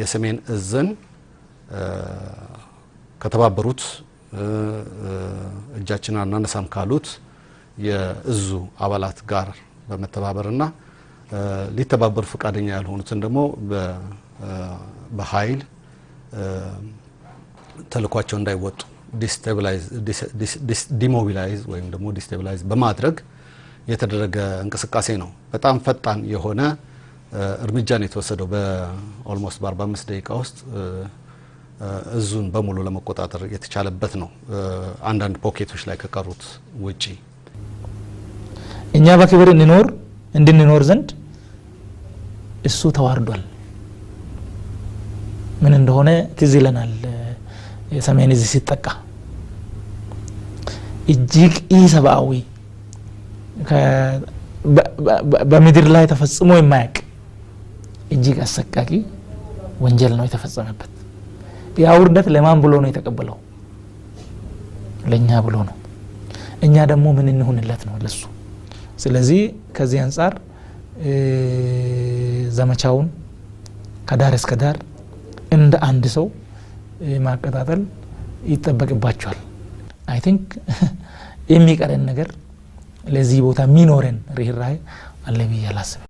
የሰሜን እዝን ከተባበሩት እጃችን አናነሳም ካሉት የእዙ አባላት ጋር በመተባበርና ሊተባበሩ ፈቃደኛ ያልሆኑትን ደግሞ በኃይል ተልኳቸው እንዳይወጡ ዲሞቢላይዝ ወይም ደግሞ ዲስቴብላይዝ በማድረግ የተደረገ እንቅስቃሴ ነው። በጣም ፈጣን የሆነ እርምጃን የተወሰደው በኦልሞስት በ45 ደቂቃ ውስጥ እዙን በሙሉ ለመቆጣጠር የተቻለበት ነው። አንዳንድ ፖኬቶች ላይ ከቀሩት ውጪ እኛ በክብር እንኖር እንድንኖር ዘንድ እሱ ተዋርዷል። ምን እንደሆነ ትዝ ይለናል። ሰሜን እዚህ ሲጠቃ እጅግ ኢሰብአዊ በምድር ላይ ተፈጽሞ የማያቅ እጅግ አሰቃቂ ወንጀል ነው የተፈጸመበት። ያ ውርደት ለማን ብሎ ነው የተቀበለው? ለእኛ ብሎ ነው። እኛ ደግሞ ምን እንሁንለት ነው ለሱ። ስለዚህ ከዚህ አንጻር ዘመቻውን ከዳር እስከ ዳር እንደ አንድ ሰው ማቀጣጠል ይጠበቅባቸዋል። አይ ቲንክ የሚቀረን ነገር ለዚህ ቦታ የሚኖረን ርኅራኄ አለ